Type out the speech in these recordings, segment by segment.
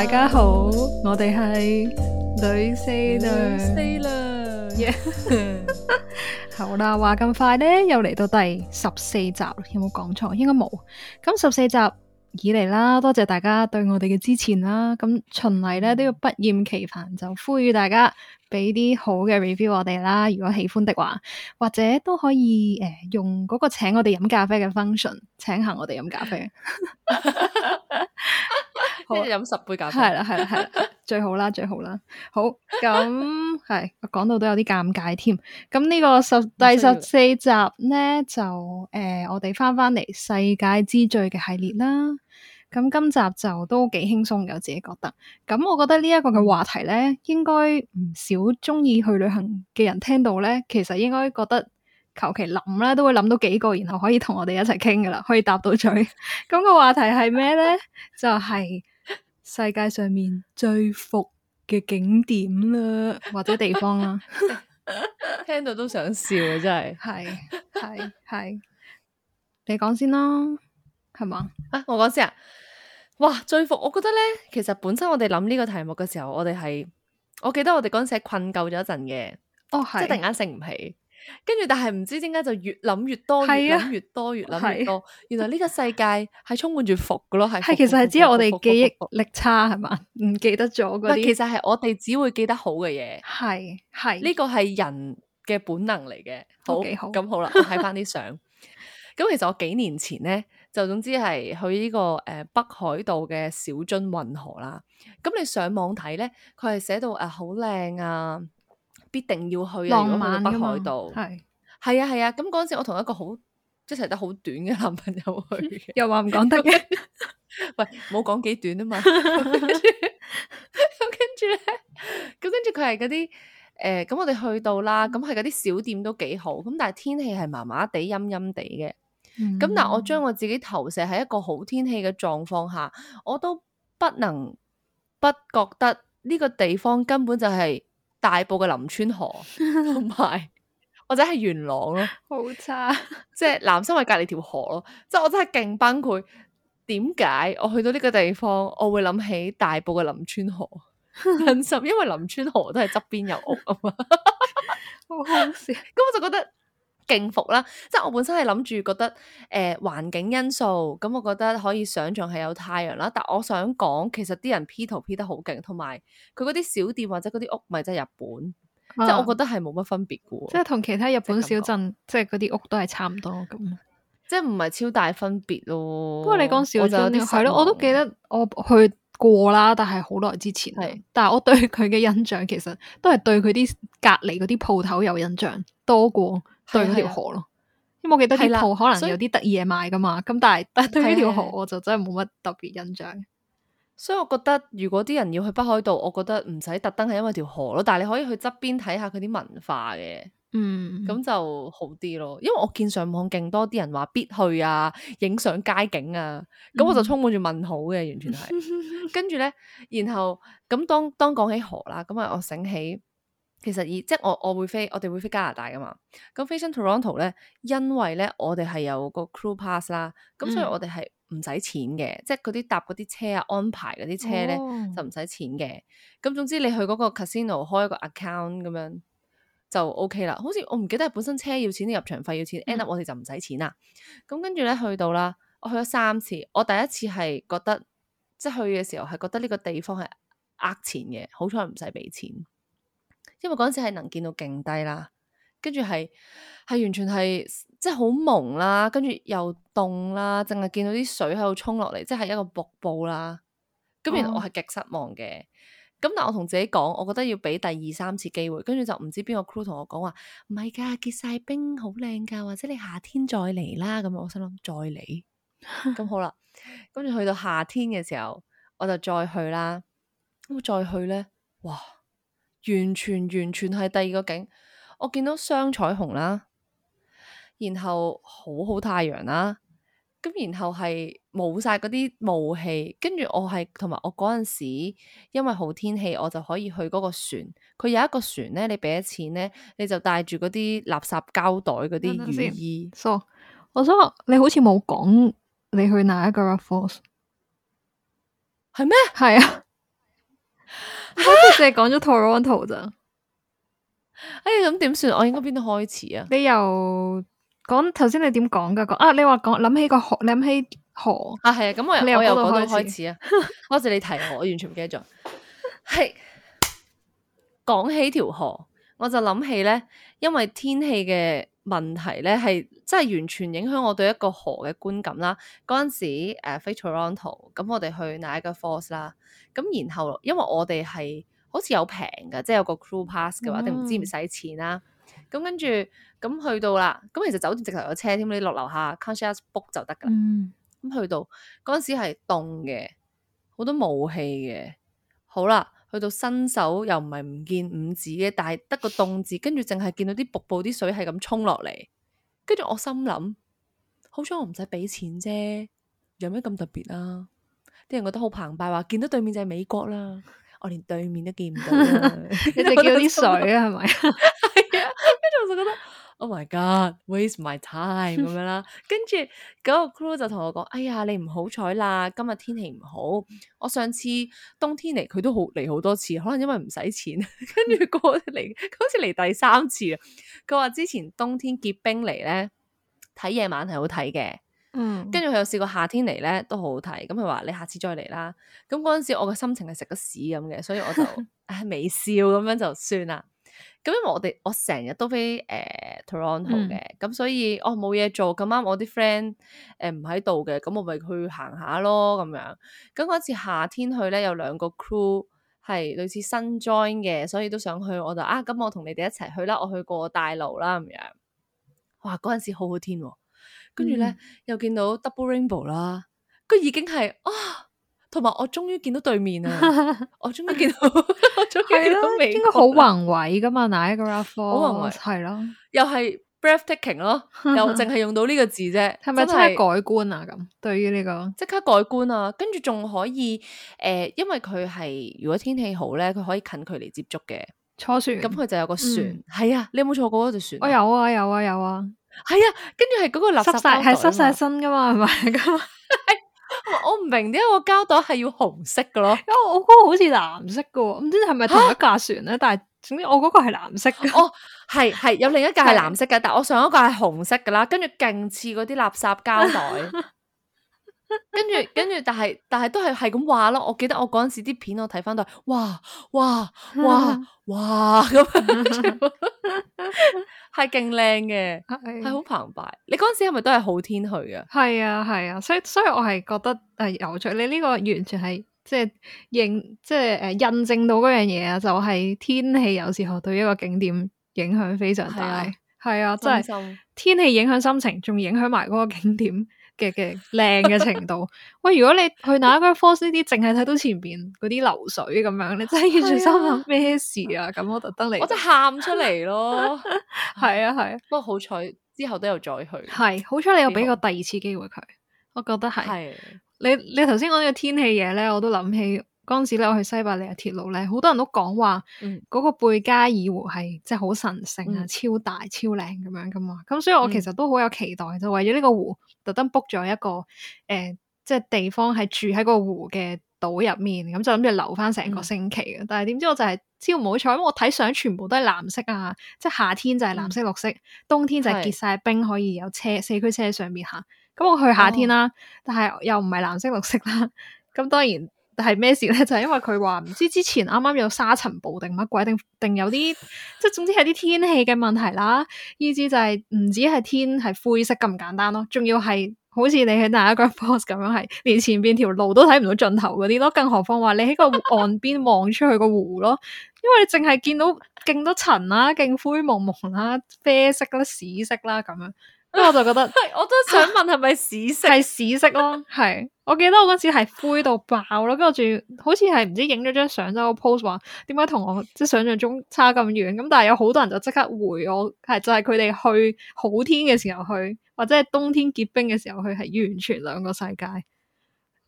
大家好，我哋係女四啦。好啦，話咁快呢，又嚟到第十四集，有冇講錯？應該冇。咁十四集以嚟啦，多謝大家對我哋嘅支持啦。咁循例呢，都要不厭其煩，就呼籲大家俾啲好嘅 review 我哋啦。如果喜歡的話，或者都可以誒、呃、用嗰個請我哋飲咖啡嘅 function，請下我哋飲咖啡。 一日飲十杯咖啡，係啦係啦係啦，最好啦 最好啦。好咁係，講到都有啲尷尬添。咁呢個十第十四集呢，就誒、呃，我哋翻翻嚟世界之最嘅系列啦。咁今集就都幾輕鬆嘅，我自己覺得。咁我覺得呢一個嘅話題呢，應該唔少中意去旅行嘅人聽到呢，其實應該覺得求其諗啦，都會諗到幾個，然後可以同我哋一齊傾噶啦，可以搭到嘴。咁 個話題係咩呢？ 就係、是。世界上面最伏嘅景點啦，或者地方啦、啊， 聽到都想笑啊！真係， 係係係，你講先啦，係嘛？啊，我講先啊！哇，最伏，我覺得咧，其實本身我哋諗呢個題目嘅時候，我哋係，我記得我哋嗰陣時困夠咗一陣嘅，哦係，即係突然間醒唔起。跟住，但係唔知點解就越諗越多、啊、越諗越多，越諗越多，越諗越多。原來呢個世界係充滿住伏嘅咯，係係其實係只係我哋記憶力差係嘛？唔服記得咗嗰啲，其實係我哋只會記得好嘅嘢。係係呢個係人嘅本能嚟嘅，都幾好。咁、okay，好啦，睇翻啲相。咁 其實我幾年前咧，就總之係去呢個誒北海道嘅小樽運河啦。咁你上網睇咧，佢係寫到誒好靚啊！啊好靚好靚啊。必定要去啊！嘛。北海道，係係啊係啊。咁嗰陣時，我同一個好即係得好短嘅男朋友去嘅，又話唔講得嘅。 喂，冇講幾短啊嘛。咁跟住咧，咁跟住佢係嗰啲誒，咁、 呃、我哋去到啦，咁係嗰啲小店都幾好。咁但係天氣係麻麻地陰陰地嘅。咁但、嗯、我將我自己投射喺一個好天氣嘅狀況下，我都不能不覺得呢個地方根本就係、是。大埔嘅林村河同埋或者係元朗咯，好 很差！ 即係南生圍隔籬條河咯，即係我真係勁崩潰。點解我去到呢個地方，我會諗起大埔嘅林村河？南生 因為林村河都係側邊有屋啊嘛， 好好笑。咁 我就覺得。勁伏啦，即係我本身係諗住覺得誒環、呃、境因素，咁、嗯、我覺得可以想象係有太陽啦。但我想講，其實啲人 P 圖 P 得好勁，同埋佢嗰啲小店或者嗰啲屋，咪即係日本，啊、即係我覺得係冇乜分別嘅、啊。即係同其他日本小鎮，即係嗰啲屋都係差唔多咁，即係唔係超大分別咯。不過你講小鎮係咯，我都記得我去過啦，但係好耐之前嚟。是。但係我對佢嘅印象，其實都係對佢啲隔籬嗰啲鋪頭有印象多過。對嗰條河咯，因為我記得啲鋪可能有啲得意嘢賣噶嘛，咁但係但係對呢條河我就真係冇乜特別印象。所以我覺得如果啲人要去北海道，我覺得唔使特登係因為條河咯，但係你可以去側邊睇下佢啲文化嘅，嗯，咁就好啲咯。因為我見上網勁多啲人話必去啊，影相街景啊，咁我就充滿住問號嘅，嗯、完全係。 跟住咧，然後咁當當講起河啦，咁啊，我醒起。其實而即係我我會飛，我哋會飛加拿大噶嘛。咁飛翻 Toronto 咧，因為咧我哋係有個 crew pass 啦，咁所以我哋係唔使錢嘅，嗯、即係嗰啲搭嗰啲車啊，安排嗰啲車咧就唔使錢嘅。咁總之你去嗰個 casino 開一個 account 咁樣就 OK 啦。好似我唔記得係本身車要錢定入場費要錢，end up、嗯、我哋就唔使錢啦。咁跟住咧去到啦，我去咗三次，我第一次係覺得即係去嘅時候係覺得呢個地方係呃錢嘅，好彩唔使俾錢。因為嗰陣時係能見到勁低啦，跟住係係完全係即係好蒙啦，跟住又凍啦，淨係見到啲水喺度沖落嚟，即係一個瀑布啦。咁然我係極失望嘅，咁、嗯、但我同自己講，我覺得要俾第二三次機會，跟住就唔知邊個 crew 同我講話唔係噶，結晒冰好靚噶，或者你夏天再嚟啦。咁我心諗再嚟，咁 好啦，跟住去到夏天嘅時候，我就再去啦。咁我再去咧，哇！完全完全係第二個景，我見到雙彩虹啦，然後好好太陽啦，咁然後係冇晒嗰啲霧氣，跟住我係同埋我嗰陣時，因為好天氣，我就可以去嗰個船，佢有一個船咧，你俾錢咧，你就帶住嗰啲垃圾膠袋嗰啲雨衣等等。我想話，你好似冇講你去哪一個啊 Falls 係咩？係嗎啊。 我只係講咗 Toronto 咋？啊、哎，咁點算？我應該邊度開始啊？你又講頭先你點講㗎？講啊，你話講諗起個河，諗起河啊，係啊，咁、嗯、我你又又講到，到開始啊！嗰時你提我，我完全唔記得咗。係講起條河，我就諗起咧，因為天氣嘅。問題咧係真係完全影響我對一個河嘅觀感啦。嗰陣時誒，face r o n t o u 咁我哋去哪一個 force 啦？咁然後因為我哋係好似有平嘅，即係有個 crew pass 嘅話，定唔知唔使錢啦。咁、嗯、跟住咁去到啦，咁其實酒店直頭有車添，你落樓下 concert book 就得噶啦。咁、嗯、去到嗰陣時係凍嘅，好多武器嘅。好啦。去到伸手又唔係唔見五指嘅，但係得個凍字，跟住淨係見到啲瀑布啲水係咁沖落嚟，跟住我心諗，好彩我唔使俾錢啫，有咩咁特別啊？啲人覺得好澎湃，話見到對面就係美國啦，我連對面都見唔到，啊，你哋 見到啲 水係咪啊？係 啊，跟住我就覺得。Oh my god! Waste my time 咁樣啦，那個，跟住嗰個 crew 就同我講：哎呀，你唔好彩啦，今日天氣唔好。我上次冬天嚟，佢都好嚟好多次，可能因為唔使錢，跟住過嚟，好似嚟第三次啊。佢話之前冬天結冰嚟咧，睇夜晚係好睇嘅，嗯，跟住佢又試過夏天嚟咧都好好睇。咁佢話你下次再嚟啦。咁嗰陣時我嘅心情係食咗屎咁嘅，所以我就微笑咁，哎，樣就算啦。咁因為我哋、呃嗯、我成日都飛誒 Toronto 嘅，咁所以我冇嘢做，咁啱我啲 friend 誒唔喺度嘅，咁我咪去行下咯咁樣。咁嗰次夏天去咧，有兩個 crew 係類似新 join 嘅，所以都想去，我就啊，咁我同你哋一齊去啦，我去過大樓啦咁樣。哇，嗰陣時好好天，啊，跟住咧又見到 Double Rainbow 啦，佢已經係啊！哦同埋我終於見到對面啊！我終於見到，我終於見到美國。應該好宏偉噶嘛，Niagara Falls 好宏偉，係咯，又係 breathtaking 咯，又淨係用到呢個字啫。係咪真係改觀啊？咁對於呢個，即刻改觀啊！跟住仲可以誒，因為佢係如果天氣好咧，佢可以近距離接觸嘅。坐船，咁佢就有個船。係啊，你有冇坐過嗰隻船？我有啊，有啊，有啊。係啊，跟住係嗰個濕晒，係濕晒身噶嘛，係咪咁？我唔明點解個膠袋係要紅色嘅咯，因為我嗰個好似藍色嘅，唔知係咪同一架船咧？蛤但係總之我嗰個係藍色嘅，哦係係有另一架係藍色嘅，但我上一個係紅色嘅啦，跟住勁似嗰啲垃圾膠袋，跟住跟住，但係但係都係係咁話咯。我記得我嗰陣時啲片我睇翻到，係，哇哇哇哇咁。哇 係勁靚嘅，係好、啊、澎湃。嗯、你嗰陣時係咪都係好天去啊？係啊，係啊，所以所以我係覺得係、呃、有趣。你呢個完全係即係印，即係誒印證到嗰樣嘢啊，就係、是、天氣有時候對一個景點影響非常大。係啊，真係天氣影響心情，仲影響埋嗰個景點。嘅嘅靚嘅程度， 喂！如果你去哪一個科思啲，淨係睇到前邊嗰啲流水咁樣，你真係完全心諗咩事啊？咁我特登嚟，我真係喊出嚟咯！係啊，係啊，不過好彩之後都有再去，係、啊啊、好彩你又俾個第二次機會佢，我覺得係、啊。你你頭先講嘅天氣嘢咧，我都諗起。嗰陣時咧，我去西伯利亞鐵路咧，好多人都講話嗰個貝加爾湖係、嗯、即係好神聖啊，超大超靚咁樣噶嘛。咁所以我其實都好有期待，嗯、就為咗呢個湖特登 book 咗一個誒、呃，即係地方係住喺個湖嘅島入面，咁就諗住留翻成個星期嘅。嗯、但係點知我就係超唔好彩，因為我睇相全部都係藍色啊，即係夏天就係藍色綠色，嗯、冬天就係結晒冰可以有車四驅車上面行。咁我去夏天啦，哦、但係又唔係藍色綠色啦。咁當然。係咩事咧？就係、是、因為佢話唔知之前啱啱有沙塵暴定乜鬼，定定有啲即係總之係啲天氣嘅問題啦。意思就係、是、唔止係天係灰色咁簡單咯，仲要係好似你喺 Niagara Falls 咁樣係連前邊條路都睇唔到盡頭嗰啲咯。更何況話你喺個岸邊望出去個湖咯，因為你淨係見到勁多塵啦、啊、勁灰蒙蒙啦、啡色啦、啊、屎色啦、啊、咁、啊、樣。咁我就覺得， 我都想問係咪屎色？係 屎色咯，係。我記得我嗰陣時係灰到爆咯，跟住好似係唔知影咗張相之後 post 話點解同我即想像中差咁遠，咁但係有好多人就即刻回我，係就係佢哋去好天嘅時候去，或者係冬天結冰嘅時候去，係完全兩個世界。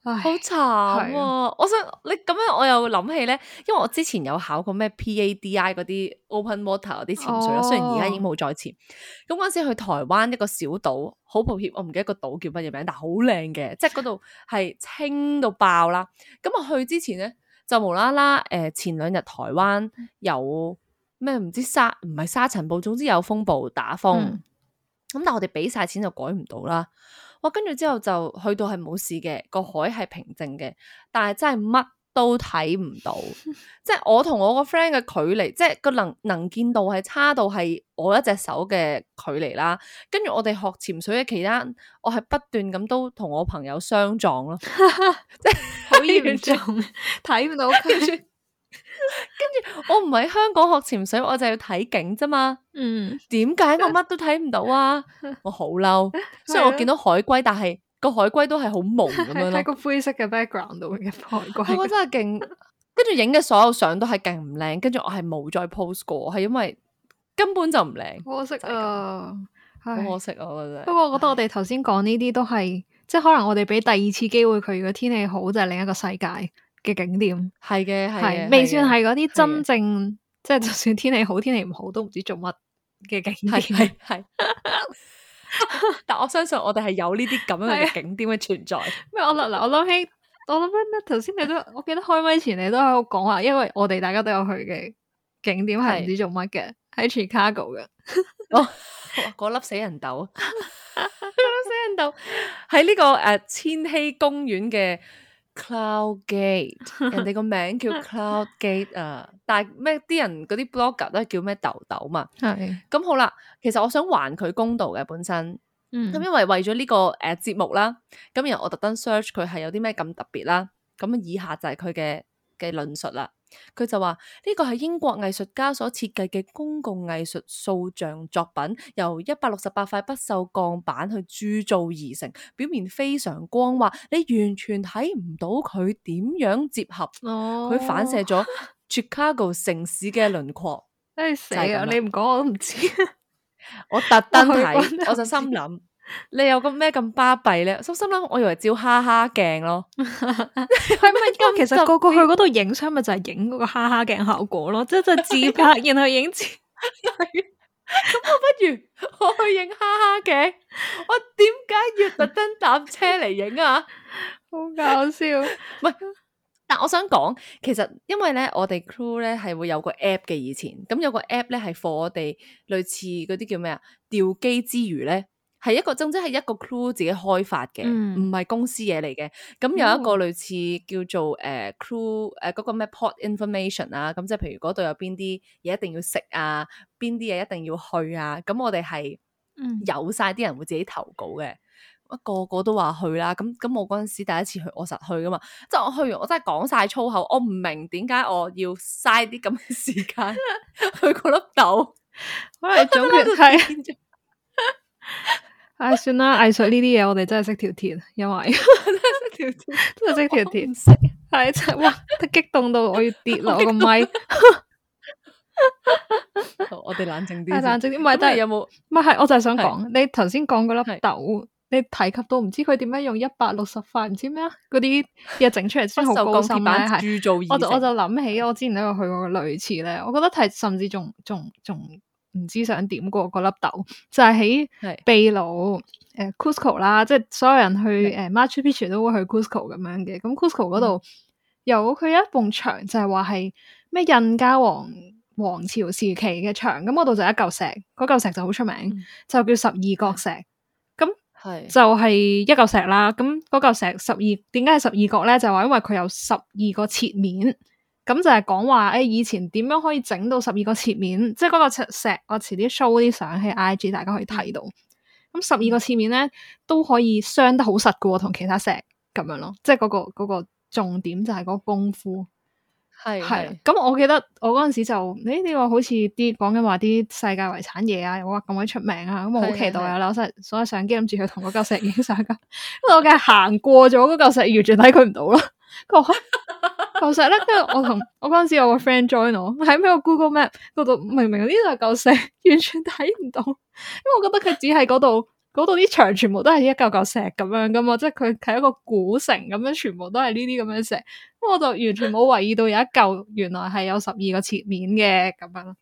哎，好慘啊！的我想你咁樣，我又諗起咧，因為我之前有考過咩 PADI 嗰啲 open water 嗰啲潛水咯。哦，雖然而家已經冇再潛，咁嗰陣時去台灣一個小島，好抱歉，我唔記得個島叫乜嘢名，但係好靚嘅，即係嗰度係清到爆啦。咁啊去之前咧，就無啦啦誒，前兩日台灣有咩唔知沙唔係沙塵暴，總之有風暴打風。咁，嗯，但係我哋俾晒錢就改唔到啦。哇！跟住之後就去到係冇事嘅，個海係平靜嘅，但係真係乜都睇唔到， 即係我同我個 friend 嘅距離，即係個能能見度係差到係我一隻手嘅距離啦。跟住我哋學潛水嘅期間，我係不斷咁都同我朋友相撞咯，即係好嚴重，睇唔 到。 跟住我唔喺香港學潛水，我就要睇景啫嘛。嗯，點解我乜都睇唔到啊？我好嬲。 雖然我見到海龜，但係個海龜都係好朦咁樣咧。喺個 灰色嘅 background 度嘅海龜， 我真係勁。 跟住影嘅所有相都係勁唔靚。跟住我係冇再 post 過，係因為根本就唔靚。可惜啊，好的是可惜啊！我真係。不過是我覺得我哋頭先講呢啲都係，即係可能我哋俾第二次機會佢，如果天氣好就係、是、另一個世界。嘅景點係嘅係未算係嗰啲真正即係，的就,就算天氣好天氣唔好都唔知做乜嘅景點係係。 但我相信我哋係有呢啲咁樣嘅景點嘅存在。咩？我諗嗱，我諗起我諗翻咧，頭先你都我記得開咪前你都喺度講啊，因為我哋大家都有去嘅景點係唔知做乜嘅喺 Chicago 嘅。我粒的、 那個、死人豆，粒 死人豆喺呢、 這個誒、啊、千禧公園嘅。Cloud Gate， 人哋個名叫 Cloud Gate 啊， 但係咩啲人嗰啲 blogger 都係叫咩豆豆嘛，咁的好啦，其實我想還佢公道嘅本身，咁、嗯、因為為咗呢個誒節目啦，咁然後我特登 search 佢係有啲咩咁特別啦，咁以下就係佢嘅嘅論述啦。佢就話呢、這個係英國藝術家所設計嘅公共藝術塑像作品，由一百六十八塊不銹鋼板去鑄造而成，表面非常光滑，你完全睇唔到佢點樣結合，佢、哦、反射咗 Chicago 城市嘅輪廓。死啊、 哎！你唔講我都唔知， 我特登睇，我就心諗。 你有個咩咁巴閉咧？心心諗，我以為照哈哈鏡咯。係咪？ 其實個個去嗰度影相，咪就係影嗰個哈哈鏡效果咯。即係自拍， 然後影自。咁我 不如我去影哈哈鏡。我點解要特登搭車嚟影啊？ 好搞笑。唔係，但我想講，其實因為咧，我哋 crew 咧係會有個 app 嘅。以前咁有個 app 咧係 for 我哋類似嗰啲叫咩啊？吊機之餘咧。係一個真，即係一個 c l u e 自己開發嘅，唔係、嗯、公司嘢嚟嘅。咁有一個類似叫做誒 c l u e 誒嗰個咩 pot information 啊，咁即係譬如嗰度有邊啲嘢一定要食啊，邊啲嘢一定要去啊。咁我哋係有晒啲、嗯、人會自己投稿嘅，個個都話去啦。咁咁我嗰陣時第一次去，我實去噶嘛。即係我去完，我真係講晒粗口，我唔明點解我要嘥啲咁嘅時間去嗰粒豆。 我係總括係。 唉，算啦，藝術呢啲嘢我哋真係識條鐵，因為真係識條鐵，真係識條鐵。係真，哇！佢激動到我要跌落個咪。我哋冷靜啲，冷靜啲。咪都係有冇？咪係，我就係想講，你頭先講嗰粒豆，你提及到唔知佢點解用一百六十塊唔知咩啊？嗰啲嘢整出嚟先好高深啊！鑄造而成。我就我就諗起我之前都有去過類似咧，我覺得睇甚至仲仲仲。唔知想點嗰個粒豆，就係、是、喺秘魯誒 Cusco 啦，是呃、co, 即係所有人去誒 Machu Picchu 都會去 Cusco 咁樣嘅。咁 Cusco 嗰度有佢一埲牆，嗯、就係話係咩印加王王朝時期嘅牆。咁嗰度就一嚿石，嗰嚿石就好出名，嗯、就叫十二角石。咁是就係一嚿石啦。咁嗰嚿石十二點解係十二角咧？就話、是、因為佢有十二個切面。咁、嗯、就係講話，誒、欸，以前點樣可以整到十二個切面？即係嗰個石，我遲啲 show 啲相喺 IG，大家可以睇到。咁十二個切面咧，都可以傷得好實噶，同其他石咁樣咯。即係嗰、嗰個、嗰個重點就係嗰個功夫。係係的。咁的、嗯、我記得我嗰陣時就，誒、欸、呢、呢個好似啲講緊話啲世界遺產嘢啊，哇咁鬼出名啊，咁我好期待的啊！攞晒所有相機，諗住去同嗰嚿石影相噶，因為我梗係行過咗嗰嚿石，完全睇佢唔到咯。 舊石咧，跟住我同我嗰陣時有個 friend join 我，喺咩個 Google Map 嗰度，明明呢度係嚿石，完全睇唔到，因為我覺得佢只係嗰度嗰度啲牆全部都係一嚿嚿石咁樣噶嘛，即係佢係一個古城咁樣，全部都係呢啲咁樣石，咁我就完全冇懷疑到有一嚿原來係有十二個切面嘅咁樣。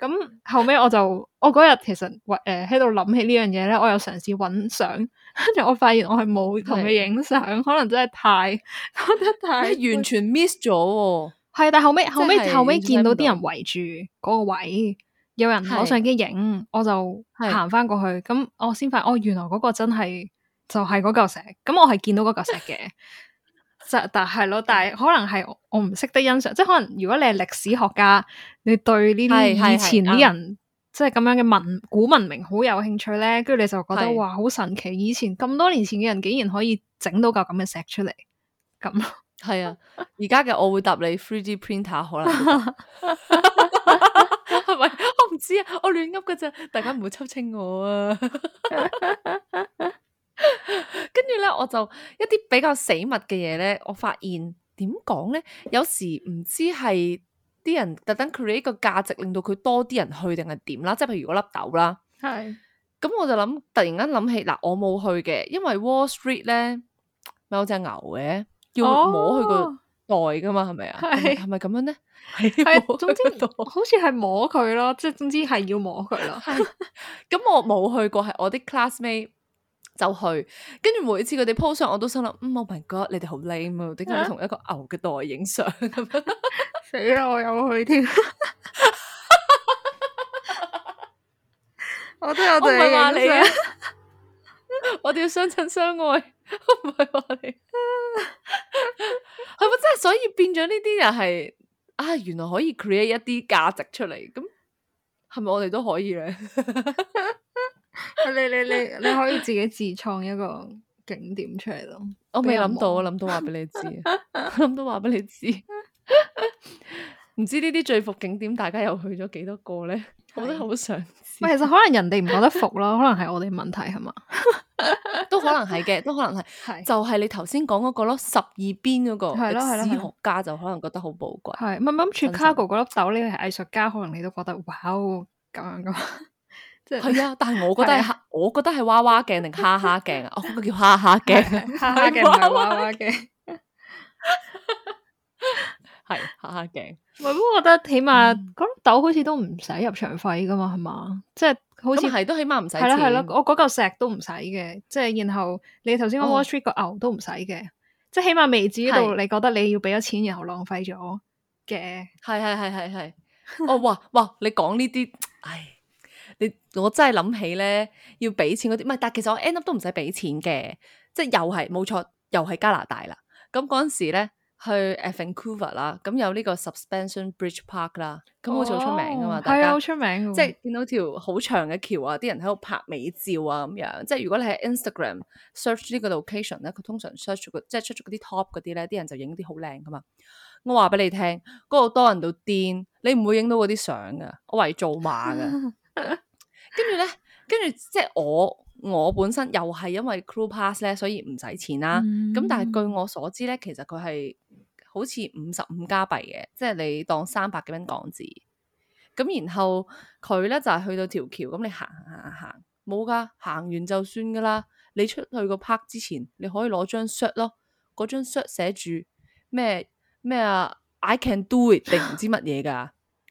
咁、嗯、後尾我就我嗰日其實誒喺度諗起呢樣嘢咧，我又嘗試搵相，跟住我發現我係冇同佢影相，的可能真係太，真係太 完全 miss 咗。係但係後尾是後尾後尾見到啲人圍住嗰個位，的有人攞相機影，我就行翻過去，咁的我先發現哦，原來嗰個真係就係嗰嚿石，咁我係見到嗰嚿石嘅。 但係咯，但係可能係我唔識得欣賞，即係可能如果你係歷史學家，你對呢啲以前啲人，即係咁樣嘅文古文明好有興趣咧，跟住你就覺得是哇，好神奇！以前咁多年前嘅人，竟然可以整到嚿咁嘅石出嚟，咁係啊！而家嘅我會答你 3D printer 可能係咪？ 我唔知啊，我亂噏噶咋，大家唔好抽清我啊！ 跟住咧，我就一啲比較死物嘅嘢咧，我發現點講咧？有時唔知係啲人特登 create 個價值，令到佢多啲人去定係點啦？即係譬如嗰粒豆啦，係咁是我就諗，突然間諗起嗱，我冇去嘅，因為 Wall Street 咧，咪有隻牛嘅，要摸佢個袋噶嘛，係咪啊？係咪咁樣咧？係是總之，裡好似係摸佢咯，即係總之係要摸佢咯。咁 我冇去過，係我啲 classmate。就去，跟住每次佢哋 po 相，我都心諗，嗯，Oh my God，你哋好 lame 啊，點解同一個牛嘅袋影相咁樣？死 啦，我又去添， 我都有對影相，啊。 我哋要相親相愛，我唔係話你，啊，係咪真係？所以變咗呢啲人係啊，原來可以 create 一啲價值出嚟，咁係咪我哋都可以咧？ 你你你你可以自己自創一個景點出嚟咯了。我未諗到，我諗到話俾你知，諗到話俾你知。唔知呢啲最伏景點，大家又去咗幾多個咧？是我覺得好想知。其實可能人哋唔覺得伏咯， 可能係我哋問題係嘛？都可能係嘅，都可能係。就係你頭先講嗰個咯，十二邊嗰個係咯係咯。史學家就可能覺得好寶貴。係。咁咁，芝加哥嗰粒豆呢？係藝術家，可能你都覺得哇，咁樣噶係 啊，但係我覺得係，是啊、我覺得係娃娃鏡定哈哈鏡啊！ 哦，個叫哈哈鏡， 哈哈鏡唔係娃娃鏡，係哈哈鏡。唔係，不過我覺得起碼嗰粒豆好似都唔使入場費噶嘛，係嘛、嗯？即係、就是、好似係都起碼唔使。係咯係咯，我嗰嚿石都唔使嘅，即係然後你頭先我 Wall Street 個牛都唔使嘅，即係起碼未至到你覺得你要俾咗錢然後浪費咗嘅。係係係係係，哦哇哇，你講呢啲，唉、哎。你我真係諗起咧，要俾錢嗰啲，唔係，但係其實我 end up 都唔使俾錢嘅，即係又係冇錯，又係加拿大啦。咁嗰陣時咧去誒 Vancouver 啦，咁有呢個 Suspension Bridge Park 啦，咁好似好出名噶嘛？係好出名，yeah, 即係見到條好長嘅橋啊，啲人喺度拍美照啊樣，咁樣即係如果你喺 Instagram search 呢個 location 咧，佢通常 search 即係出咗嗰啲 top 嗰啲咧，啲人就影啲好靚噶嘛。我話俾你聽，嗰度多人到癲，你唔會影到嗰啲相噶，我話做馬噶。 跟住咧，跟住即係我，我本身又係因為 crew pass 咧，所以唔使錢啦。咁、嗯、但係據我所知咧，其實佢係好似五十五加幣嘅，即係你當三百幾蚊港紙。咁然後佢咧就係、是、去到條橋，咁你行行行行，冇噶，行完就算噶啦。你出去個 park 之前，你可以攞張 cert 咯，嗰張 cert 寫住咩咩啊？I can do it 定唔知乜嘢噶。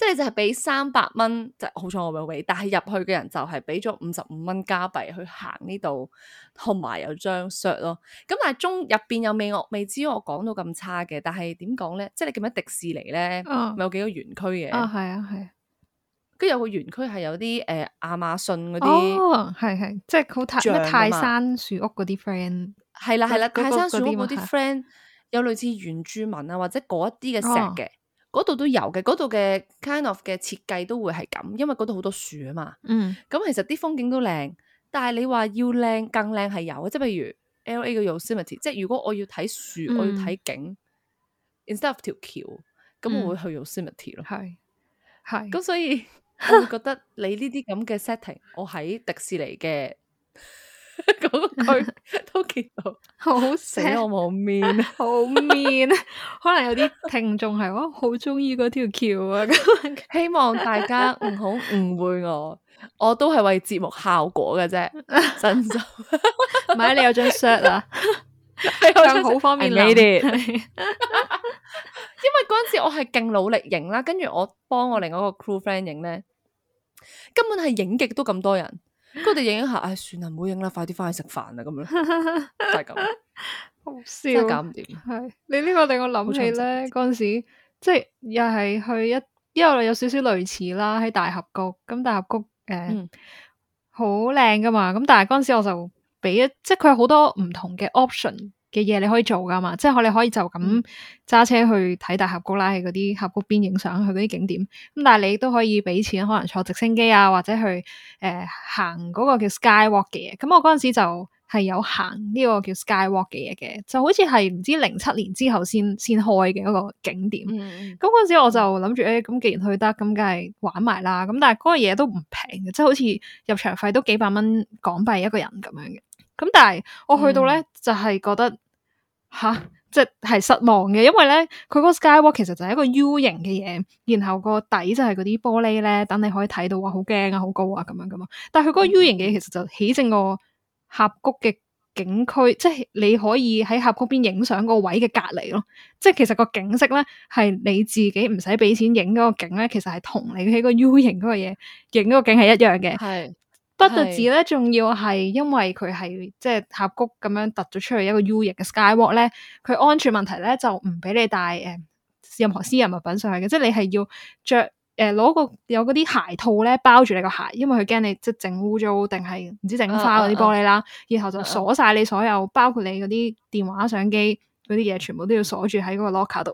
即係就係俾三百蚊，就好彩我冇俾，但係入去嘅人就係俾咗五十五蚊加幣去行呢度，同埋有張 cert 咯。咁但係中入邊有未我未知我講到咁差嘅，但係點講咧？即係你記唔記得迪士尼咧？咪有幾個園區嘅啊，係啊係。跟住有個園區係有啲誒亞馬遜嗰啲哦，係係，即係好咩？泰山樹屋嗰啲 friend 係啦係啦，泰山樹屋嗰啲 friend 有類似原住民啊或者嗰一啲嘅石嘅。嗰度都有嘅，嗰度嘅 kind of 嘅設計都會係咁，因為嗰度好多樹啊嘛。嗯。咁其實啲風景都靚，但係你話要靚更靚係有，即係譬如 LA 嘅 Yosemite，即係如果我要睇樹，嗯、我要睇景，instead of 條橋，咁、嗯、我會去 Yosemite 咯。係。係。咁所以 我會覺得你呢啲咁嘅 setting，我喺迪士尼嘅。嗰佢 都見到， 好死我冇面， 好面子， 可能有啲聽眾係我好中意嗰條橋啊！ 希望大家唔好誤會我，我都係為節目效果嘅啫，真心。唔 係 你有張 shirt 啊，係 好方便你哋。I made 因為嗰陣時我係勁努力影啦，跟住我幫我另外一個 crew friend 影咧，根本係影極都咁多人。咁我哋影下，唉、哎，算啦，唔好影啦，快啲翻去食飯啦，咁樣，就係、是、咁，好笑，真係搞唔掂。係你呢個令我諗起咧，嗰時即係又係去一，因為我有少少類似啦，喺大峽谷。咁大峽谷誒，好靚噶嘛。咁但係嗰時我就俾，即係佢有好多唔同嘅 option。嘅嘢，你可以做噶嘛，即係我哋可以就咁揸車去睇大峽谷啦，喺嗰啲峽谷邊影相，去嗰啲景點。咁但係你都可以俾錢，可能坐直升機啊，或者去誒、呃、行嗰個叫 Skywalk 嘅嘢。咁我嗰陣時就係有行呢個叫 Skywalk 嘅嘢嘅，就好似係唔知零七年之後先先開嘅一個景點。咁嗰陣時我就諗住咧，咁、欸、既然去得，咁梗係玩埋啦。咁但係嗰個嘢都唔平嘅，即、就、係、是、好似入場費都幾百蚊港幣一個人咁樣嘅。咁但係我去到咧，就係、是、覺得吓、嗯，即係失望嘅，因為咧佢嗰個 Skywalk 其實就係一個 U 型嘅嘢，然後個底就係嗰啲玻璃咧，等你可以睇到啊，好驚啊，好高啊咁樣噶嘛。但係佢嗰個 U 型嘅嘢其實就起正個峽谷嘅景區，即係你可以喺峽谷邊影相個位嘅隔籬咯。即係其實個景色咧係你自己唔使俾錢影嗰個景咧，其實係同你喺個 U 型嗰個嘢影嗰個景係一樣嘅，係。不得止咧，仲要係因為佢係即係峽谷咁樣突咗出去一個 U 型嘅 Skywalk 咧，佢安全問題咧就唔俾你帶誒、呃、任何私人物品上去嘅，即係你係要着誒攞個有嗰啲鞋套咧包住你個鞋，因為佢驚你即係整污糟定係唔知整花嗰啲玻璃啦，uh, uh, uh。然後就鎖晒你所有包括你嗰啲電話、相機嗰啲嘢，全部都要鎖住喺嗰個 locker 度。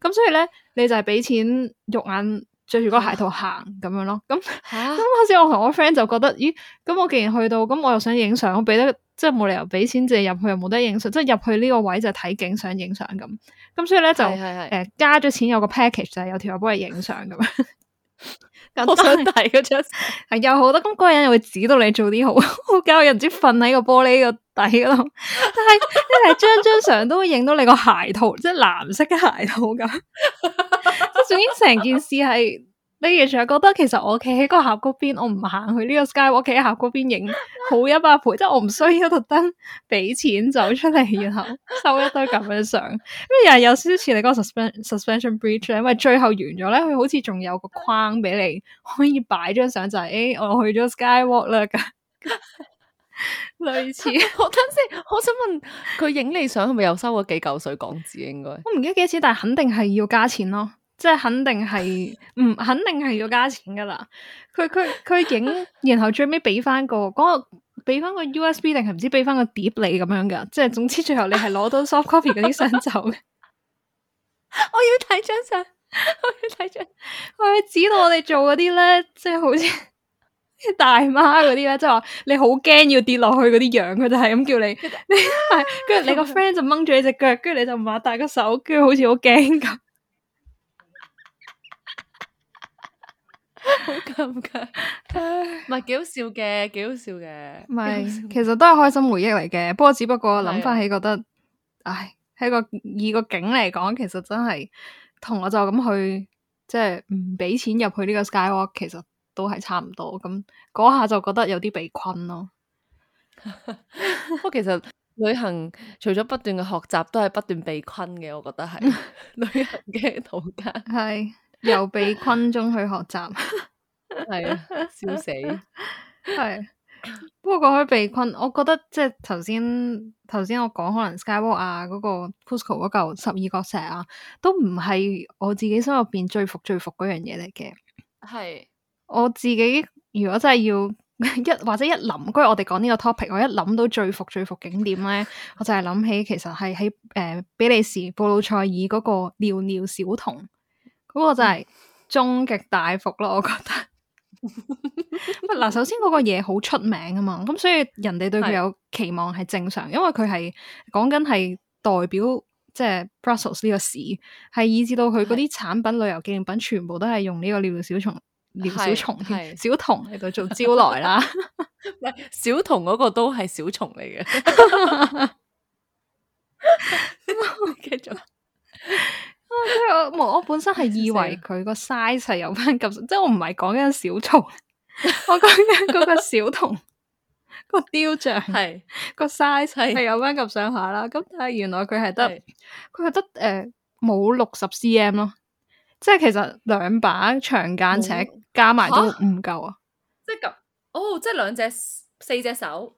咁所以咧，你就係俾錢肉眼。着住嗰鞋套行咁樣咯，咁咁好似我同我 friend 就覺得，咦，咁我既然去到，咁我又想影相，我俾得即係冇理由俾錢自己入去又冇得影相，即係入去呢個位就睇景想影相咁，咁所以咧就誒、呃、加咗錢有個 package 就係有條友幫你影相咁。是是是 但我想睇嗰張，又好多咁嗰、嗰個人又會指導你 又 到你做啲好，搞到人唔知瞓喺個玻璃個底咯。但係一係張張相都影到你個鞋套，即係藍色嘅鞋套咁。即係總之成件事係。你完全覺得其實我企喺個峽谷邊，我唔行去呢個 Skywalk 企喺峽谷邊影好一百倍， 即係我唔需要特登俾錢走出嚟，然後收一堆咁樣相。因為又係有少少似你嗰個 suspension suspension bridge，因為最後完咗咧，佢好似仲有個框俾你可以擺張相，就係、哎、我去咗 Skywalk 啦咁。 類似，我等先，我想問佢影 你相係咪又收咗幾嚿水港紙？應該 我唔記得幾多錢，但係肯定係要加錢咯。即係肯定係唔、嗯、肯定係要加錢噶啦，佢佢佢影然後最尾畀翻個嗰個畀翻個 U S B 定係唔知畀翻個碟你咁樣嘅，即係總之最後你係攞到 soft copy 嗰啲相走嘅。我要睇張相， 我要睇張，我要指導我哋做嗰啲咧，即係好似大媽嗰啲咧，即係話你好驚要跌落去嗰啲樣，佢就係咁叫你， 你係，跟住你個 friend 就掹住你隻腳，跟住你就擘大個手，跟住好似好驚咁。好尷尬，唔係幾好笑嘅，幾好笑嘅，唔係，其實都係開心回憶嚟嘅。不過只不過諗翻起，覺得， 唉，喺個以個景嚟講，其實真係同我就咁去，即係唔俾錢入去呢個 Skywalk，其實都係差唔多。咁嗰下就覺得有啲被困咯。不過 其實旅行除咗不斷嘅學習，都係不斷被困嘅。我覺得係 旅行嘅代價係。又被困中去學習，係， 哎，笑死。係， 不過講開被困，我覺得即係頭先頭先我講可能 Skywalk 啊，嗰、嗰個 Cusco 嗰嚿十二角石啊，都唔係我自己心入邊最伏最伏嗰樣嘢嚟嘅。係是，我自己如果真係要一或者一諗，今日我哋講呢個 topic，我一諗到最伏最伏景點咧，我就係諗起其實係喺誒比利時布魯塞爾嗰個尿尿小童。嗰個就係終極大伏咯，我覺得。嗱， 首先嗰個嘢好出名啊嘛，咁所以人哋對佢有期望係正常，是因為佢係講緊係代表即係、就是、Brussels 呢個市，係以至到佢嗰啲產品、是旅遊紀念品全部都係用呢個尿小蟲、尿小蟲、是小童喺度做招徠啦。唔 小童嗰個都係小蟲嚟嘅。 本身係以為佢個 size 係有番咁，即係我唔係講緊小童， 我講緊嗰個小童， 個雕像係是個 size 係係有番咁上下啦。咁但係原來佢係得佢係得誒冇六十 cm 咯、啊哦，即係其實兩把長間尺加埋都唔夠啊！即係咁哦，即係兩隻四隻手，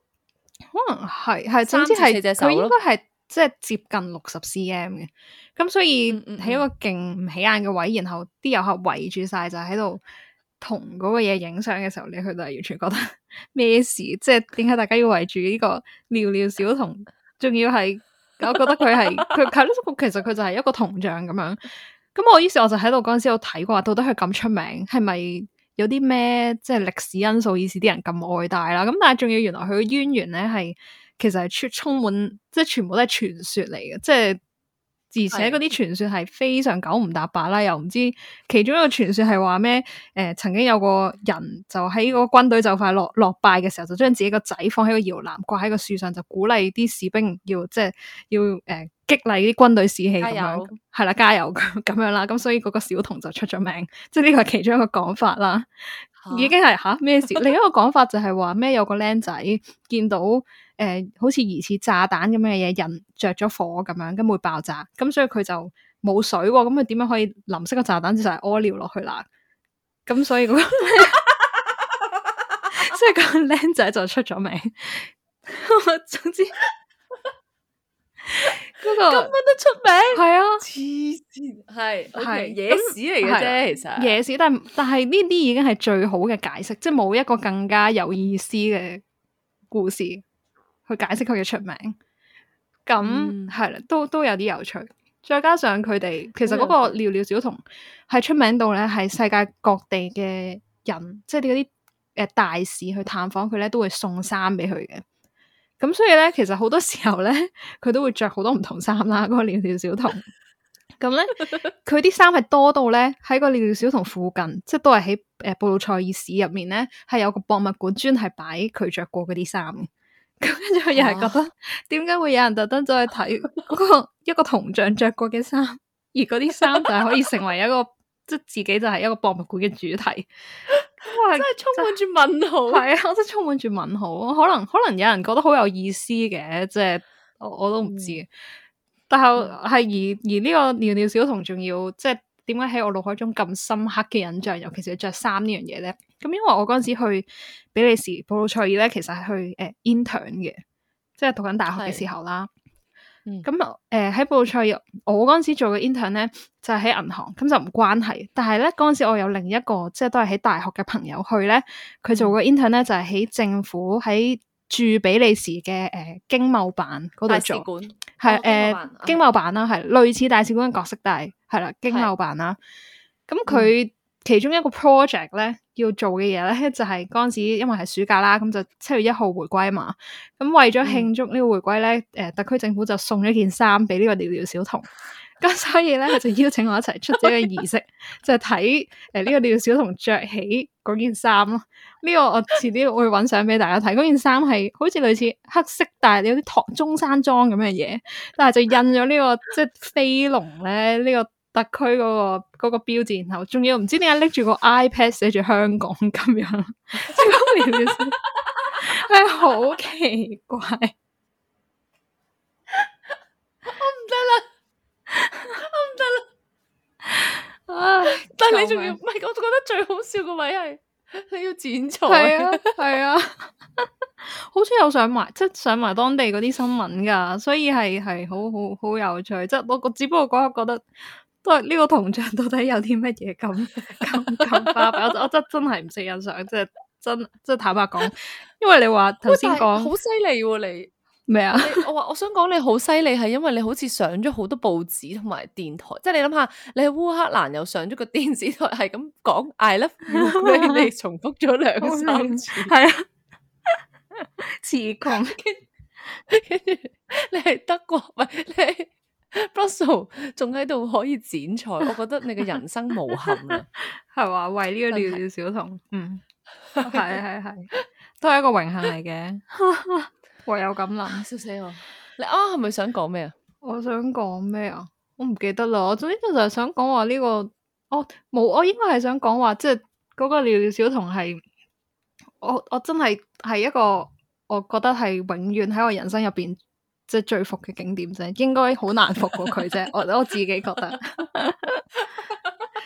可能係係總之係四隻手佢應該係。即係接近六十 CM 嘅，咁所以喺、嗯、一個勁唔起眼嘅位，然後啲遊客圍住晒就喺度同嗰個嘢影相嘅時候，你去到係完全覺得咩事？即係點解大家要圍住呢個尿尿小童？仲要係，我覺得佢係佢其實佢就係一個銅像咁樣。咁我於是我就喺度嗰陣時有睇過，話到底佢咁出名，係咪有啲咩即係歷史因素，以示啲人咁愛戴啦？咁但係仲要原來佢嘅淵源咧係。其實係充充滿，即係全部都係傳說嚟嘅，即係而且嗰啲傳說係非常九唔搭八啦，又唔知其中一個傳說係話咩？誒、呃，曾經有個人就喺個軍隊就快落落敗嘅時候，就將自己個仔放喺個搖籃掛喺個樹上，就鼓勵啲士兵要即係要誒、呃、激勵啲軍隊士氣咁樣，係加油啦，加油咁咁樣啦。咁所以嗰個小童就出咗名，即係呢個係其中一個講法啦。啊、已經係吓咩事？ 另一個講法就係話咩？有個僆仔見到，誒，好似疑似炸彈咁嘅嘢，引着咗火咁樣，咁會爆炸。咁所以佢就冇水，咁佢點樣可以淋熄個炸彈就係屙尿落去啦？咁所以嗰個即係個靚仔就出咗名。總之，嗰個根本都出名，係啊，黐線，係係野史嚟嘅啫，其實野史。但係但係呢啲已經係最好嘅解釋，即係冇一個更加有意思嘅故事。去解釋佢嘅出名，咁係啦，都都有啲有趣。再加上佢哋，其實嗰個尿尿小童係出名到咧，係世界各地嘅人，即係啲誒大使去探訪佢咧，都會送衫俾佢嘅。咁所以咧，其實好多時候咧，佢都會着好多唔同衫啦。嗰個尿尿小童，咁咧佢啲衫係多到咧，喺個尿尿小童附近，即係都係喺誒布魯塞爾市入面咧，係有個博物館專係擺佢着過嗰啲衫。咁跟住佢又係覺得，點解、啊、會有人特登走去睇個一個銅像着過嘅衫， 而嗰啲衫就係可以成為一個， 即係自己就係一個博物館嘅主題。啊、能真係充滿住問號，係啊、嗯，真係充滿住問號。可能可能有人覺得好有意思嘅，即係我我都唔知。嗯、但係係而而呢個尿尿小童仲要即係。點解喺我腦海中咁深刻嘅印象，尤其是着衫呢樣嘢咧？咁、嗯、因為我嗰陣時去比利時布魯塞爾咧，其實係去誒 intern 嘅，即、呃、係讀緊大學嘅時候啦。咁誒喺布魯塞爾，我嗰陣時做嘅 intern 咧，就係喺銀行，咁就唔關係。但係咧嗰陣時我有另一個，即係都係喺大學嘅朋友去咧，佢做嘅 intern 咧就係、是、喺政府喺駐比利時嘅誒、呃、經貿辦嗰度做，係誒、呃、經貿辦啦，係的類似大使館嘅角色，但係。係啦，經貿辦啦、啊。咁佢的其中一個 project 咧，要做嘅嘢咧，就係嗰陣時因為係暑假啦，咁就七月一號回歸嘛。咁為咗慶祝呢個回歸咧，誒、嗯呃、特區政府就送咗件衫俾呢個尿尿小童。咁 所以咧，佢就邀請我一齊出席呢個儀式， 就係睇誒呢個尿尿小童着起嗰件衫咯。呢、這個我遲啲會揾相俾大家睇。嗰件衫係好似類似黑色，但係有啲唐中山裝咁嘅嘢，但係就印咗呢個即係飛龍咧，呢個。就是特區嗰個嗰個標誌，然後仲要唔知點解拎住個 iPad 寫住香港咁樣，超無聊嘅事，好奇怪，我唔得啦，我唔得啦，唉！但你仲要唔係？我覺得最好笑個位係你要剪綵，係啊，啊 好似有上埋即係上埋當地嗰啲新聞噶，所以係係好好好有趣，即係我我只不過嗰刻覺得。都係呢個銅像到底有啲乜嘢咁咁咁花我？我真真係唔識欣賞，即係真即係坦白講，因為你話頭先講好犀利你咩啊？啊我話我想講你好犀利，係因為你好似上咗好多報紙同埋電台，即係你諗下，你喺烏克蘭又上咗個電視台，係咁講 I love you, 你重複咗兩美三次，係啊，詞窮，跟住你係德國咪你？Brussels 仲喺度可以剪綵，我覺得你嘅人生無憾啊，係話為呢個尿尿小童，的嗯，係係係，都係一個榮幸嚟嘅。 唯有咁諗，笑死我！你啊，係咪想講咩啊？我想講咩啊？我唔記得啦，我總之就係想講話呢個，我、哦、冇，我應該係想講話，即係嗰個尿尿小童係，我我真係係一個，我覺得係永遠喺我人生入邊。即係最伏嘅景點啫，應該好難伏過佢啫。 我我自己覺得，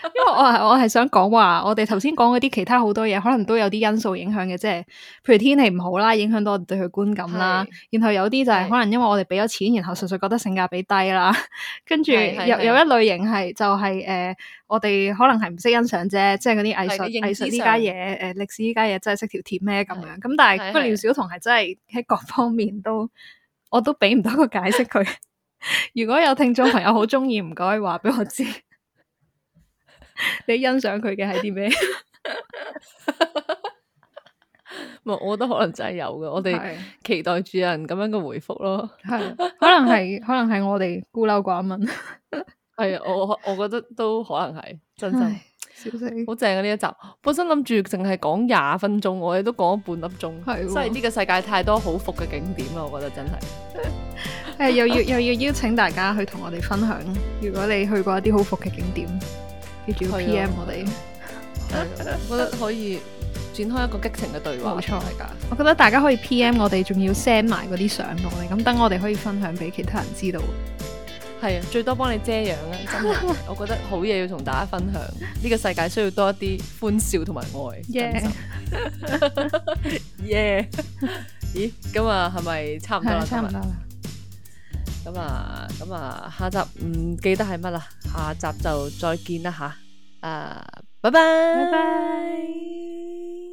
因為我係我係想講話，我哋頭先講嗰啲其他好多嘢，可能都有啲因素影響嘅，即係譬如天氣唔好啦，影響到我哋對佢觀感啦。是然後有啲就係、是、是可能因為我哋俾咗錢，然後純粹覺得性價比低啦。 跟住著又有,有一類型係就係、是、誒、呃，我哋可能係唔識欣賞啫，即係嗰啲藝術、藝術呢家嘢誒，歷、呃、史呢家嘢真係識條鐵咩咁樣？咁的但係尿尿小童係真係喺各方面都。我都畀唔到個解釋佢。 如果有聽眾朋友好鍾意，唔該話畀我知， 你欣賞佢嘅係啲咩？ 我覺得可能真係有嘅。我哋期待住有人咁樣嘅回覆咯 可能係，可能係我哋孤陋寡聞。係， 我我覺得都可能係，真真。好正啊！呢一集，本身諗住淨係講廿分鐘，我哋都講咗半粒鐘。係、哦，真係呢個世界太多好伏嘅景點啦！我覺得真係，誒、 呃、又要又要邀請大家去同我哋分享，如果你去過一啲好伏嘅景點，記住要 P M 我哋，我覺得可以展開一個激情嘅對話錯。冇錯係噶，我覺得大家可以 P M 我哋，仲要 send 埋嗰啲相落嚟，咁等我哋可以分享俾其他人知道。係啊，最多幫你遮陽啦， 我覺得好嘢要同大家分享。呢個世界需要多啲歡笑同埋愛。耶！咦，咁啊，係咪差唔多啦？的差唔多啦。咁啊，咁啊，下集唔記得係乜啦？下集就再見啦吓，啊，拜拜，拜拜。